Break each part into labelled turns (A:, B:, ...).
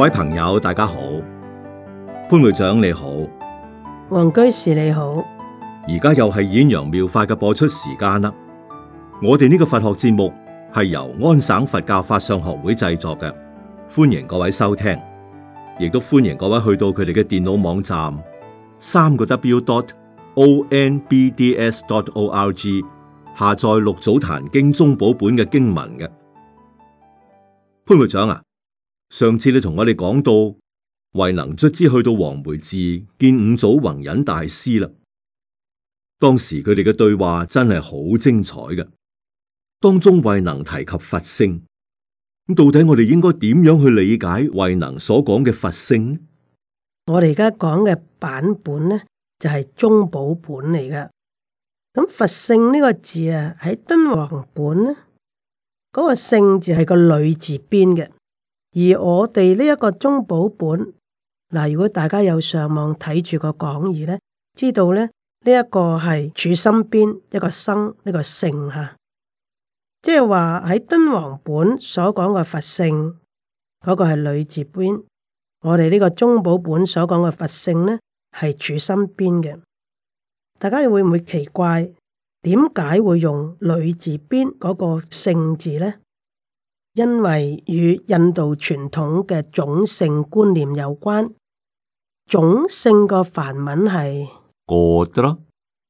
A: 各位朋友，大家好。潘會長你好，
B: 王居士你好。
A: 而家又係演揚妙，妙法嘅播出時間啦。我哋呢個佛學節目係由安省佛教法相學會製作嘅，歡迎各位收聽，亦都歡迎各位去到佢哋嘅電腦網站三個 w dot o n b d s dot o r g 下載六祖壇經宗寶本嘅經文嘅。潘會長啊！上次你同我哋講到慧能卒之去到黃梅寺見五祖弘忍大師啦，當時佢哋嘅對話真係好精彩噶，當中慧能提及佛性，咁到底我哋應該點樣去理解慧能所講嘅佛性呢？
B: 我哋而家講嘅版本呢，就係、是、宗寶本嚟噶，咁佛性呢個字啊喺敦煌本嗰、那個姓字係個女字邊嘅。而我哋呢一個宗寶本嗱，如果大家有上網睇住個講義呢，知道咧呢一、這個係豎心邊一個生呢、這個性吓，即係話喺敦煌本所講嘅佛性嗰、那個係女字邊，我哋呢個宗寶本所講嘅佛性呢，係豎心邊嘅，大家會唔會奇怪？點解會用女字邊嗰個姓字呢？因為與印度傳統嘅種姓觀念有關，種姓個梵文係
A: gotra 咯，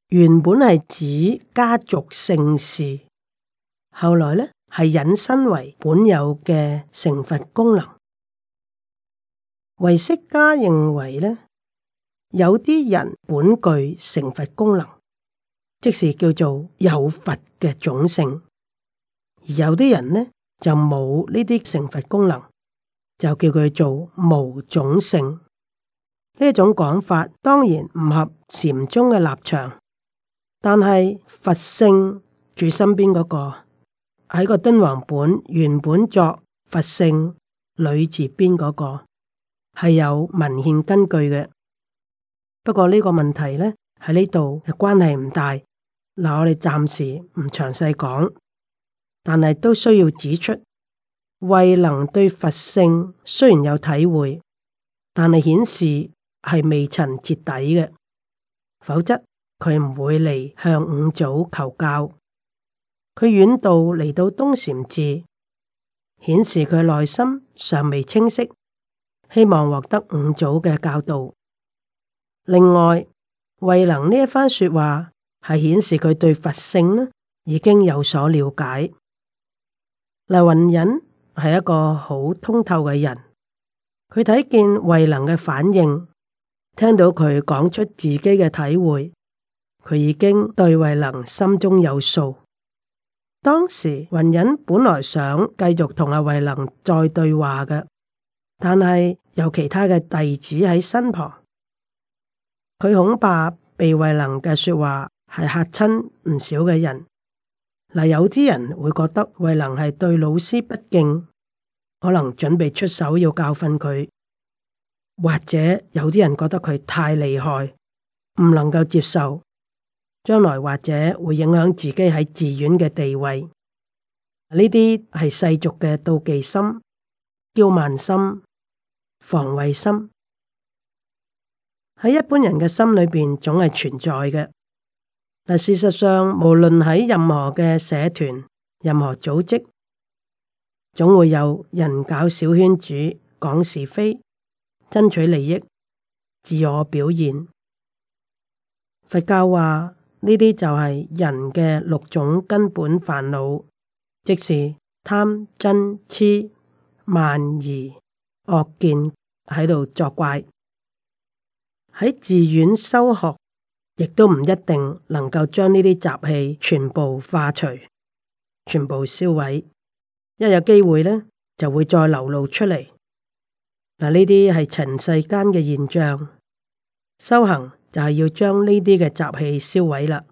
B: 原本係指家族姓氏，後來呢係引申為本有嘅成佛功能。唯識家認為呢，有啲人本具成佛功能，即是叫做有佛嘅種姓，而有啲人呢，就冇呢啲成佛功能，就叫佢做無種性呢一種講法，當然唔合禪宗嘅立場。但係佛性最身邊嗰個喺個敦煌本原本作佛性女字邊嗰個係有文獻根據嘅。不過呢個問題呢，喺呢度關係唔大，嗱，我哋暫時唔詳細講。但係都需要指出，慧能對佛性雖然有體會，但係顯示係未曾徹底嘅，否則佢唔會嚟向五祖求教。佢遠道嚟到東禪寺，顯示佢內心尚未清晰，希望獲得五祖嘅教導。另外，慧能呢一番說話係顯示佢對佛性呢已經有所了解。黎，弘忍係一個好通透嘅人，佢睇見慧能嘅反應，聽到佢講出自己嘅體會，佢已經對慧能心中有數。當時弘忍本來想繼續同阿慧能再對話嘅，但係有其他嘅弟子喺身旁，佢恐怕被慧能嘅說話係嚇親唔少嘅人。嗱，有啲人會覺得慧能係對老師不敬，可能準備出手要教訓佢；或者有啲人覺得佢太厲害，唔能夠接受，將來或者會影響自己喺寺院嘅地位。呢啲係世俗嘅妒忌心、驕慢心、防衞心，喺一般人嘅心裏邊總係存在嘅。但事實上，無論喺任何嘅社團、任何組織，總會有人搞小圈子、講是非、爭取利益、自我表現。佛教話呢啲就係人嘅六種根本煩惱，即是貪、嗔、癡、慢、疑、惡見喺度作怪。喺寺院修學。亦都唔一定能夠將呢啲雜氣全部化除，全部燒毀，一有機會呢，就會再流露出嚟。嗱，呢啲係塵世間嘅現象，修行就係要將呢啲嘅雜氣燒毀啦。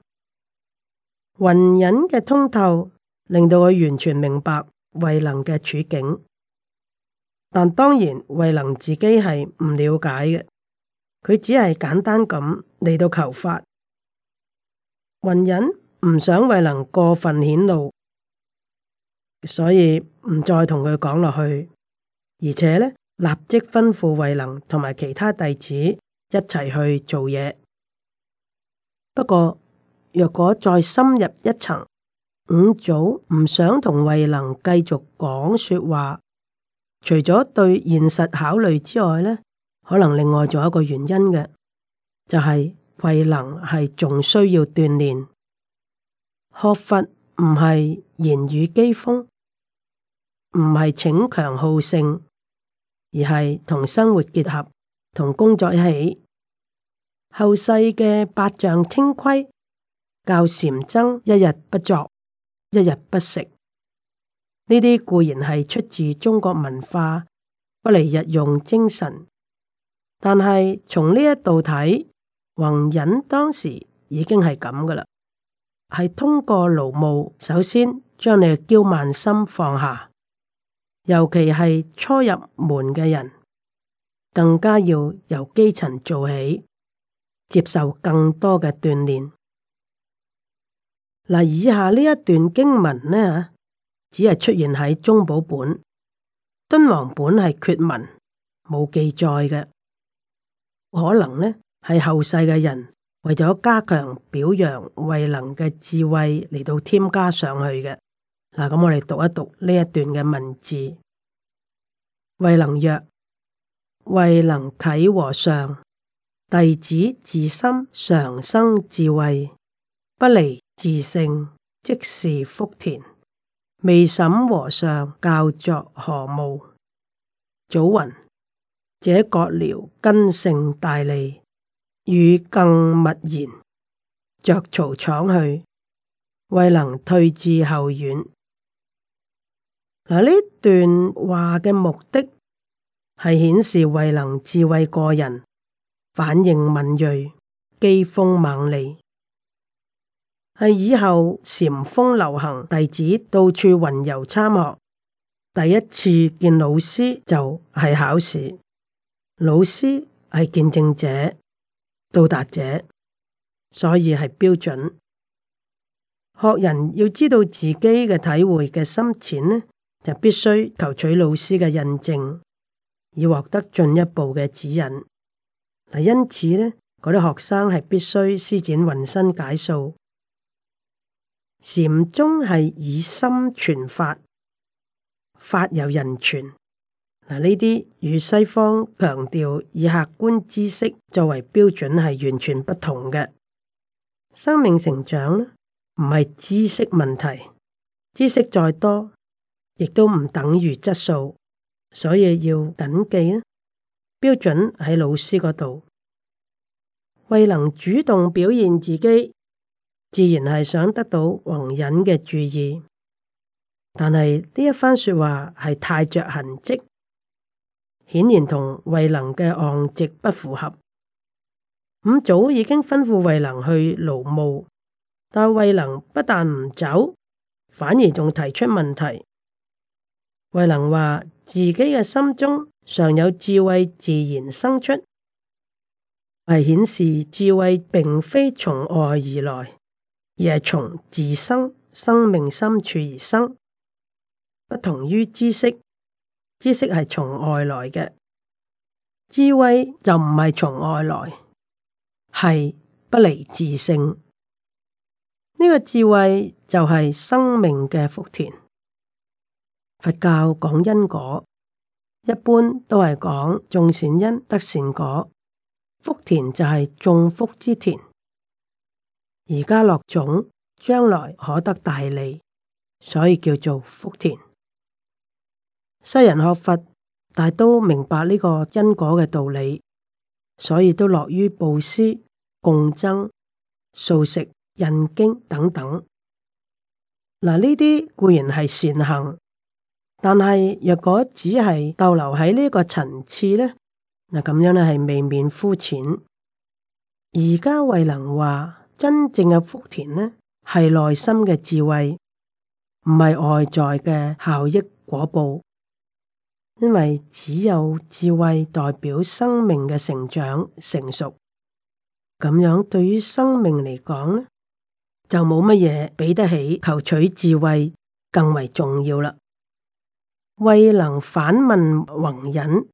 B: 雲隱嘅通透令到佢完全明白慧能嘅處境，但當然慧能自己係唔了解嘅。佢只係簡單咁嚟到求法，弘忍唔想慧能過分顯露，所以唔再同佢講落去，而且呢立即吩咐慧能同埋其他弟子一齊去做嘢。不過若果再深入一層，五祖唔想同慧能繼續講說話，除咗對現實考慮之外呢。可能另外仲有一個原因嘅，就係、是、慧能係仲需要鍛煉。學佛唔係言語機鋒，唔係逞強好勝，而係同生活結合，同工作一起。後世嘅百丈清規，教禪僧一日不作，一日不食。呢啲固然係出自中國文化，不離日用精神。但係從呢一度睇，弘忍當時已經係咁嘅啦，係通過勞務，首先將你嘅驕慢心放下，尤其係初入門嘅人，更加要由基層做起，接受更多嘅鍛煉。嗱，以下呢一段經文呢，只係出現喺宗寶本，敦煌本係缺文，冇記載嘅。可能呢係後世嘅人為咗加強表揚慧能嘅智慧嚟到添加上去嘅。嗱，咁我哋讀一讀呢一段嘅文字。慧能曰：慧能啟和尚，弟子自心常生智慧，不離自性，即是福田。未審和尚，教作何務？祖云。這獦獠根性大利，汝更勿言，着槽廠去，惠能退至後院。嗱，呢段話嘅目的係顯示惠能智慧過人，反應敏銳，機鋒猛利，係以後禪風流行，弟子到處雲遊參學，第一次見老師就係考試。老師係見證者、到達者，所以係標準。學人要知道自己嘅體會嘅深淺呢，就必須求取老師嘅印證，以獲得進一步嘅指引。嗱，因此呢，嗰啲學生係必須施展渾身解數。禪宗係以心傳法，法有人傳。嗱，呢啲與西方強調以客觀知識作為標準係完全不同嘅。生命成長咧，唔係知識問題，知識再多亦都唔等於質素，所以要緊記咧，標準喺老師嗰度。未能主動表現自己，自然係想得到弘忍嘅注意，但係呢一番説話係太着痕跡。顯然同慧能嘅昂直不符合。五祖已經吩咐慧能去勞務，但慧能不但唔走反而仲提出問題。慧能話自己嘅心中常有智慧自然生出，係顯示智慧並非從外而來，而係從自身、生命深處而生，不同於知識。知識係從外來嘅，智慧就唔係從外來，係不離自性。呢、這個智慧就係生命嘅福田。佛教講因果，一般都係講種善因得善果，福田就係種福之田。而家落種，將來可得大利，所以叫做福田。西人學佛，大都明白呢個因果嘅道理，所以都樂於布施、共爭、素食、印經等等。嗱，呢啲固然係善行，但係若果只係逗留喺呢個層次呢，嗱咁樣咧係未免膚淺。而家慧能話真正嘅福田呢，係內心嘅智慧，唔係外在嘅效益果報。因為只有智慧代表生命嘅成長成熟，咁樣對於生命嚟講呢，就冇乜嘢比得起求取智慧更為重要啦。慧能反問弘忍：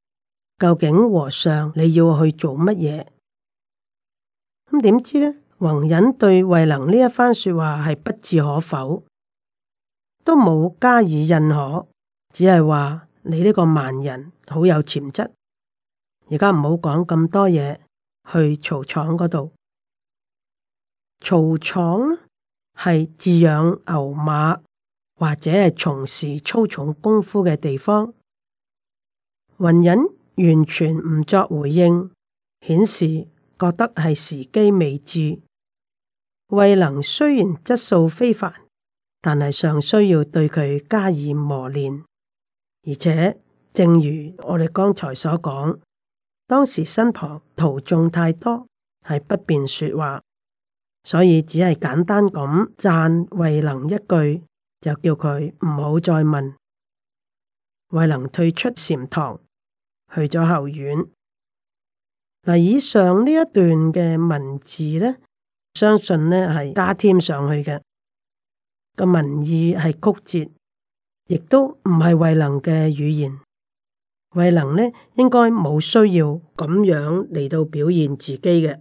B: 究竟和尚你要去做乜嘢？咁點知呢？弘忍對慧能呢一番說話係不置可否，都冇加以認可，只係話。你呢個盲人好有潛質，而家唔好講咁多嘢，去槽廠嗰度。槽廠係飼養牛馬或者係從事粗重功夫嘅地方。弘忍完全唔作回應，顯示覺得係時機未至。慧能雖然質素非凡，但係尚需要對佢加以磨練。而且，正如我哋剛才所講，當時身旁徒眾太多，係不便說話，所以只係簡單咁讚慧能一句，就叫佢唔好再問。慧能退出禪堂，去咗後院。嗱，以上呢一段嘅文字呢，相信呢係加添上去嘅，個文意係曲折。亦都唔係慧能嘅語言，慧能咧應該冇需要咁樣嚟到表現自己嘅。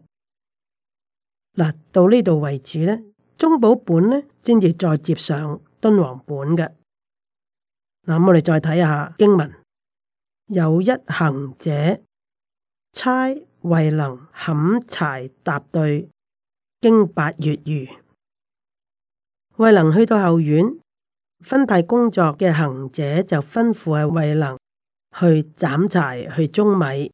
B: 嗱，到呢度為止呢，宗寶本咧先至再接上敦煌本嘅。嗱，我哋再睇下經文，有一行者差慧能砍柴踏碓，經八月餘，慧能去到後院。分派工作嘅行者就吩咐係慧能去斬柴、去舂米，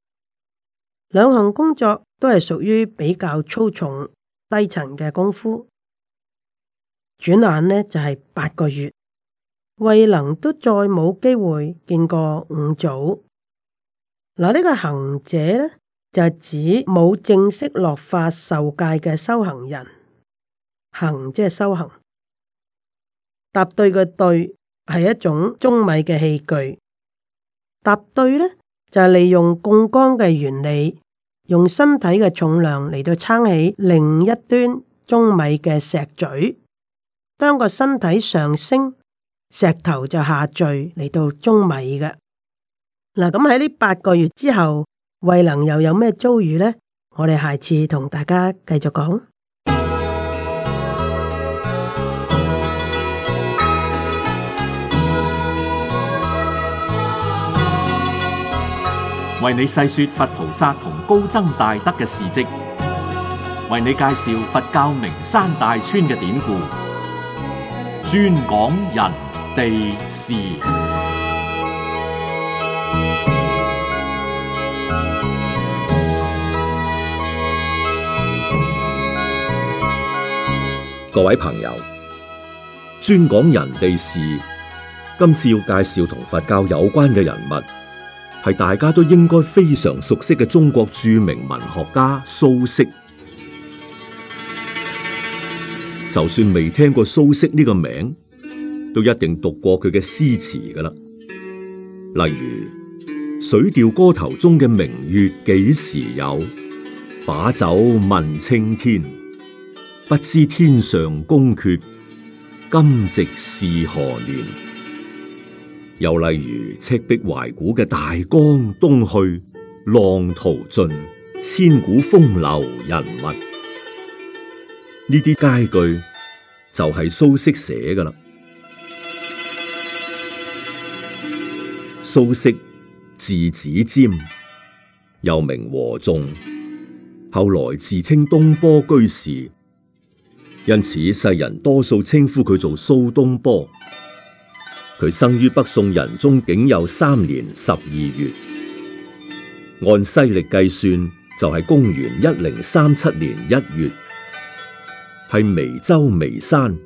B: 兩項工作都係屬於比較粗重、低層嘅功夫，轉眼呢就係、是、八個月，慧能都再冇機會見過五祖。嗱、這、呢個行者呢就指冇正式落髮受戒嘅修行人，行即係修行。答對嘅對係一種舂米嘅器具。答對呢，就係、是，利用槓桿嘅原理，用身體嘅重量嚟到撐起另一端舂米嘅石嘴。當個身體上升，石頭就下墜嚟到舂米嘅。嗱、啊，咁喺呢八個月之後，慧能又有咩遭遇呢？我哋下次同大家繼續講。
A: 為你細說佛菩薩同高僧大德嘅事跡，為你介紹佛教名山大川嘅典故，專講人地事。各位朋友，專講人地事，今次要介紹同佛教有關嘅人物。係大家都應該非常熟悉嘅中國著名文學家蘇軾，就算未聽過蘇軾呢個名，都一定讀過佢嘅詩詞㗎喇。例如《水調歌頭》中嘅“明月幾時有，把酒問青天，不知天上宮闕，今夕是何年。”又例如赤壁懷古嘅大江東去，浪淘盡，千古風流人物。呢啲佳句就係、是、蘇軾寫嘅啦。蘇軾字子瞻，又名和仲，後來自稱東坡居士，因此世人多數稱呼佢做蘇東坡。佢生於北宋仁宗景佑三年十二月，按西曆計算就係、是、公元一零三七年一月，係眉州眉山，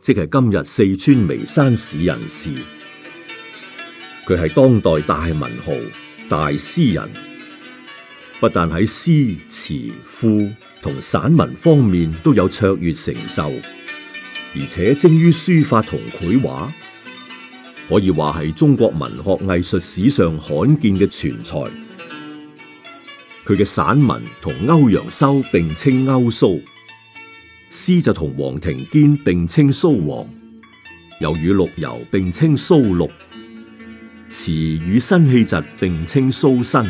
A: 即係今日四川眉山市人士。佢係當代大文豪、大詩人，不但喺詩詞、賦同散文方面都有卓越成就，而且精於書法同繪畫。可以話係中國文學藝術史上罕見嘅全才，佢嘅散文同歐陽修並稱歐蘇，詩就同黃庭堅並稱蘇黃，又與陸游並稱蘇陸，詞與辛棄疾並稱蘇辛。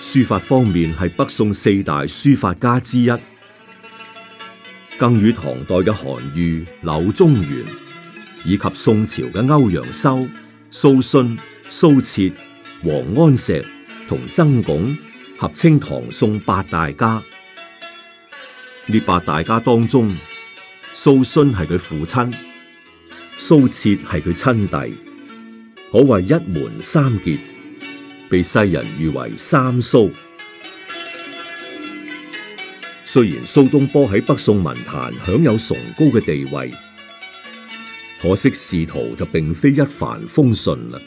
A: 書法方面係北宋四大書法家之一，更與唐代嘅韓愈、柳宗元，以及宋朝嘅歐陽修、蘇洵、蘇轍、王安石同曾鞏合稱唐宋八大家。呢八大家當中，蘇洵係佢父親，蘇轍係佢親弟，可謂一門三傑，被世人譽為三蘇。雖然蘇東坡喺北宋文壇享有崇高嘅地位。可惜仕途就並非一帆風順啦。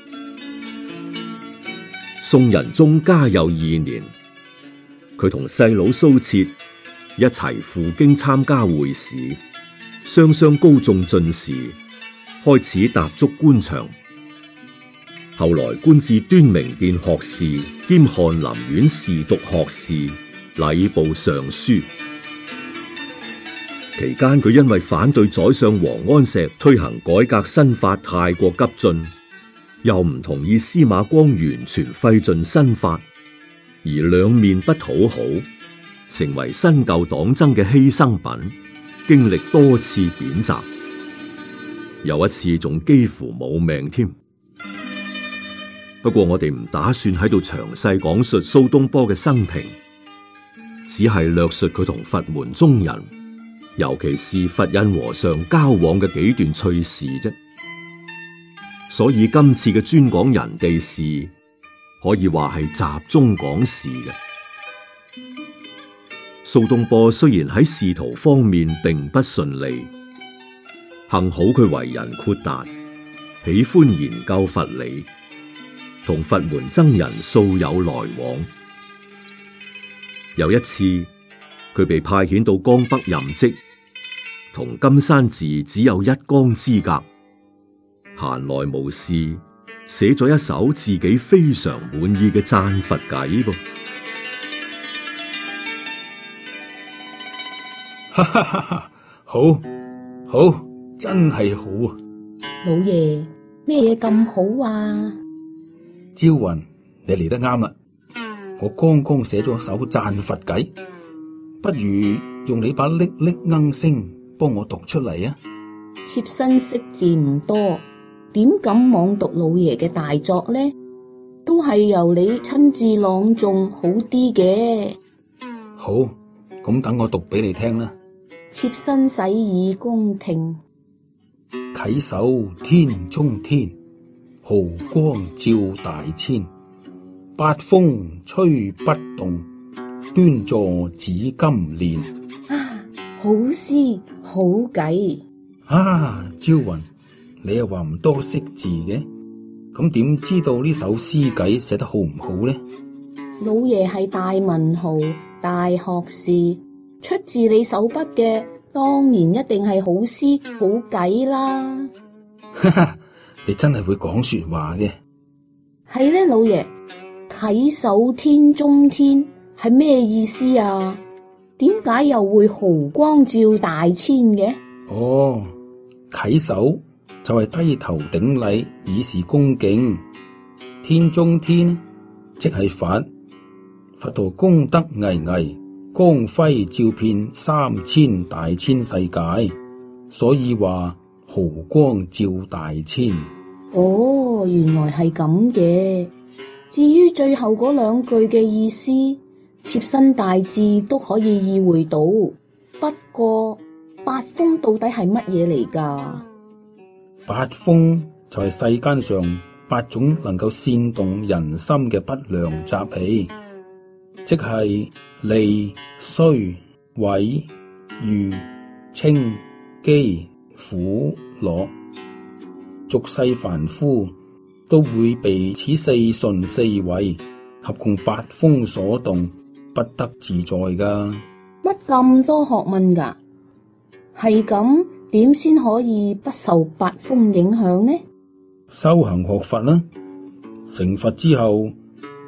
A: 宋仁宗嘉佑二年，佢同細佬蘇轍一齊赴京參加會試，雙雙高中進士，開始踏足官場。後來官至端明殿學士兼翰林院侍讀學士、禮部尚書。期間佢因為反對宰相王安石推行改革新法太過急進，又唔同意司馬光完全廢盡新法，而兩面不討好，成為新舊黨爭嘅犧牲品，經歷多次貶謫，有一次仲幾乎冇命添。不過我哋唔打算喺度詳細講述蘇東坡嘅生平，只係略述佢同佛門中人。尤其是佛印和尚交往嘅幾段趣事啫，所以今次嘅專講人哋事，可以話係集中講事嘅。蘇東坡雖然喺仕途方面並不順利，幸好佢為人豁達，喜歡研究佛理，同佛門僧人素有來往。有一次，佢被派遣到江北任職。同金山寺只有一江之隔，閒來無事寫咗一首自己非常滿意嘅贊佛偈噃。哈哈
C: 哈！好，好，真係好，
D: 好啊！老爺，咩嘢咁好啊？
C: 朝雲，你嚟得啱啦！我剛剛寫咗首贊佛偈，不如用你把嚦嚦鶯聲。幫我讀出嚟啊！
D: 妾身識字唔多，點敢妄讀老爺嘅大作呢？都係由你親自朗誦好啲嘅。
C: 好，咁等我讀俾你聽啦。
D: 妾身洗耳恭聽，
C: 啟首天中天，毫光照大千，八風吹不動，端坐紫金蓮。
D: 好詩好偈
C: 啊！朝雲，你又話唔多識字嘅，咁點知道呢首詩偈寫得好唔好呢？
D: 老爺係大文豪、大學士，出自你手筆嘅，當然一定係好詩好偈啦！
C: 哈哈，你真係會講說話嘅，
D: 係咧， 老爺，稽首天中天係咩意思啊？點解又會毫光照大千嘅？
C: 哦，稽首就係低頭頂禮，以示恭敬。天中天即係佛，佛陀功德巍巍，光輝照遍三千大千世界，所以話毫光照大千。
D: 哦，原來係咁嘅。至於最後嗰兩句嘅意思。貼身大致都可以意會到，不過八風到底係乜嘢嚟噶？
C: 八風就係世間上八種能夠煽動人心嘅不良習氣，即係利、衰、毀、譽、稱、譏、苦、樂。俗世凡夫都會被此四順四毀合共八風所動。不得自在噶，
D: 乜咁多學問噶？係咁，點先可以不受八風影響呢？
C: 修行學法啦，成佛之後，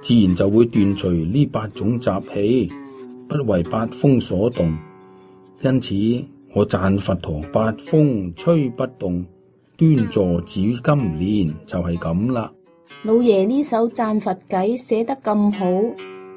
C: 自然就會斷除呢八種習氣，不為八風所動。因此，我讚佛陀八風吹不動，端坐紫金蓮，就係咁啦。
D: 老爺呢首讚佛偈寫得咁好。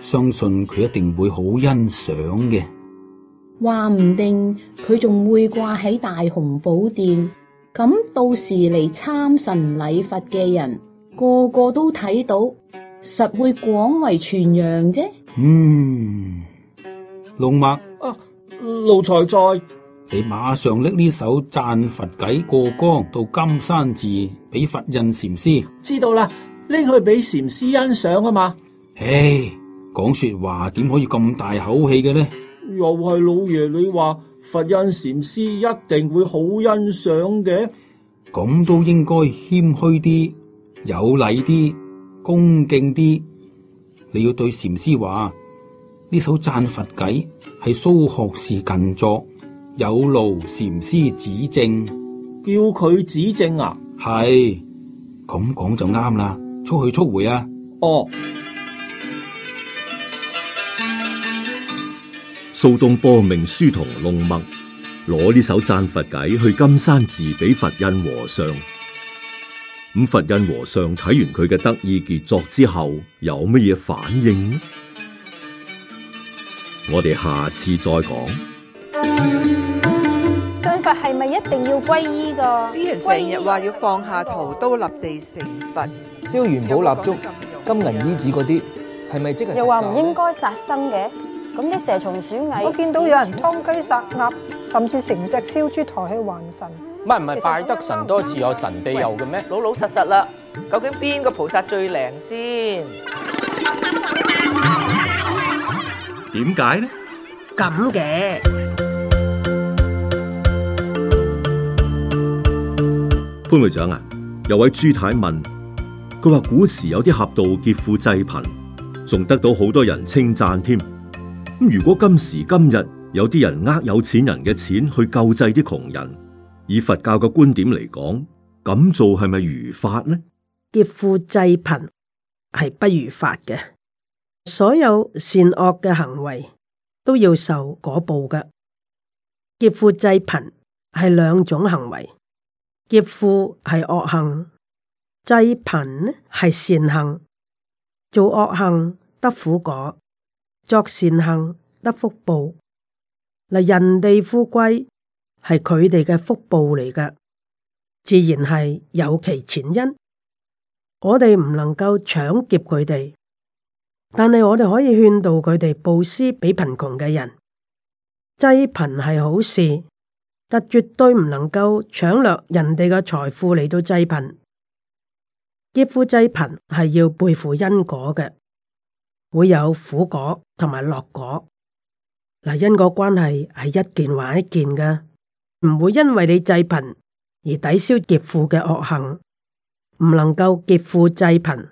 C: 相信佢一定會好欣賞嘅，
D: 話唔定佢仲會掛喺大雄寶殿，咁到時嚟參神禮佛嘅人個個都睇到，實會廣為傳揚啫。嗯，
C: 龍墨啊，奴才在，你馬上拎呢首讚佛偈過江到金山寺俾佛印禪師。知道啦，拎去
A: 俾禪師欣賞啊嘛。唉。
C: Hey, 講說話點可以咁大口氣嘅呢？
A: 又係老爺你話佛印禪師一定會好欣
C: 賞嘅，咁都應該謙虛啲，有禮啲，恭敬啲。你要對禪師話呢首讚佛偈係蘇學士近作，有勞禪師指正，叫佢指正啊。係咁講就啱啦，速去速回啊。哦。
A: 蘇東坡命書童弄墨，攞呢首贊佛偈去金山寺俾佛印和尚。咁佛印和尚睇完佢嘅得意傑作之後，有乜嘢反應呢？我哋下次再講。
D: 信佛係咪一定要皈依噶？啲人成日話要放下屠刀，立地成佛，燒元寶蠟燭、
C: 金銀衣紙嗰啲，係咪即
D: 係？又話唔應
B: 該殺生嘅？咁啲蛇蟲鼠蟻，我見到有人劏雞殺鴨，甚至成隻燒豬抬去還神。
A: 唔係唔係，拜得神多自有神庇佑嘅咩？老老實實啦，究竟邊個菩薩最
D: 靈先？
A: 點解呢？
B: 咁嘅
A: 潘會長啊，有位朱太太問，佢話古時有啲俠盜劫富濟貧，仲得到好多人稱讚添。咁如果今時今日有啲人呃有錢人嘅錢去救濟啲窮人，以佛教嘅觀點嚟講，咁做係咪如法呢？
B: 劫富濟貧係不如法嘅，所有善惡嘅行為都要受果報嘅。劫富濟貧係兩種行為，劫富係惡行，濟貧呢係善行，做惡行得苦果。作善行，得福報，嗱，人哋富貴係佢哋嘅福報嚟嘅，自然係有其前因。我哋唔能夠搶劫佢哋，但係我哋可以勸導佢哋布施俾貧窮嘅人。濟貧係好事，但絕對唔能夠搶掠人哋嘅財富嚟到濟貧，劫富濟貧係要背負因果嘅。會有苦果同埋樂果。嗱，因果關係係一件還一件嘅，唔會因為你濟貧而抵消劫富嘅惡行，唔能夠劫富濟貧，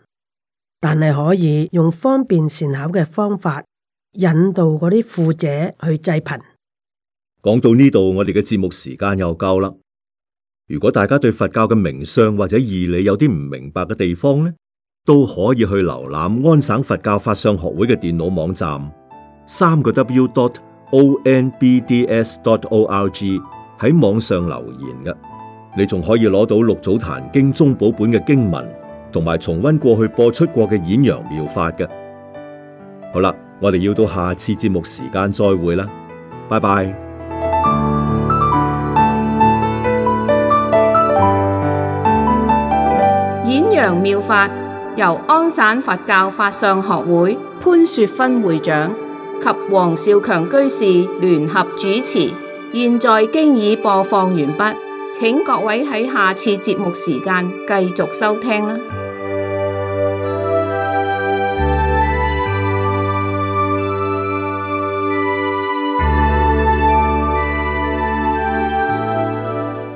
B: 但係可以用方便善巧嘅方法引導嗰啲富者去濟貧。
A: 講到呢度，我哋嘅節目時間又夠啦。如果大家對佛教嘅名相或者義理有啲唔明白嘅地方呢，都可以去瀏覽安省佛教法相學會嘅電腦網站，三個 W dot O N B D S dot O R G 喺網上留言嘅。你仲可以攞到六祖壇經宗寶本嘅經文，同埋重温過去播出過嘅演揚妙法嘅。好啦，我哋要到下次節目時間再會啦，拜拜。
D: 演揚妙法。由安省佛教法相學會潘雪芬會長及黃少強居士聯合主持，現在經已播放完畢，請各位喺下次節目時間繼續收聽啦。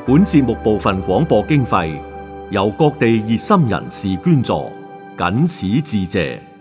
A: 本節目部分廣播經費由各地熱心人士捐助。僅
C: 此致謝。